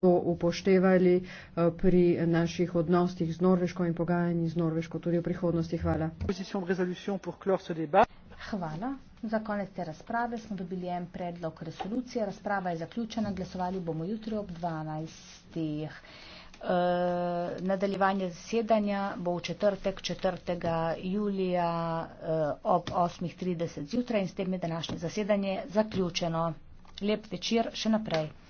to upoštevali eh, pri naših odnostih z Norveško in pogajanji z Norveško tudi v prihodnosti. Hvala. Hvala. Za konec te razprave smo dobili en predlog resolucije. Razprava je zaključena. Glasovali bomo jutri ob 12. Uh, eh, nadaljevanje zasedanja bo v četrtek 4. julija uh, ob 8.30 zjutraj in s tem je današnje zasedanje zaključeno. Lep večer še naprej.